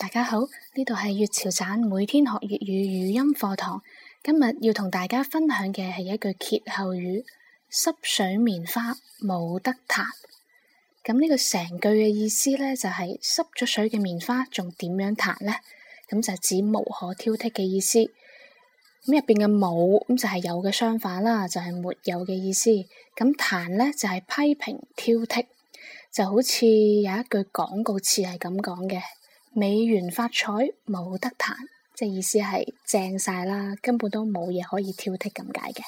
大家好，呢度係粵潮站每天學粵語語音課堂。今日要同大家分享嘅係一句歇後語：濕水棉花冇得彈。咁呢個成句嘅意思咧，就係濕咗水嘅棉花仲點樣彈咧？咁就指無可挑剔嘅意思。咁入邊嘅冇咁就係有嘅相反啦，就係沒有嘅意思。咁彈咧就係批評挑剔，就好似有一句廣告詞係咁講嘅。美元發財冇得彈，即意思係正晒啦，根本都冇嘢可以挑剔咁解嘅。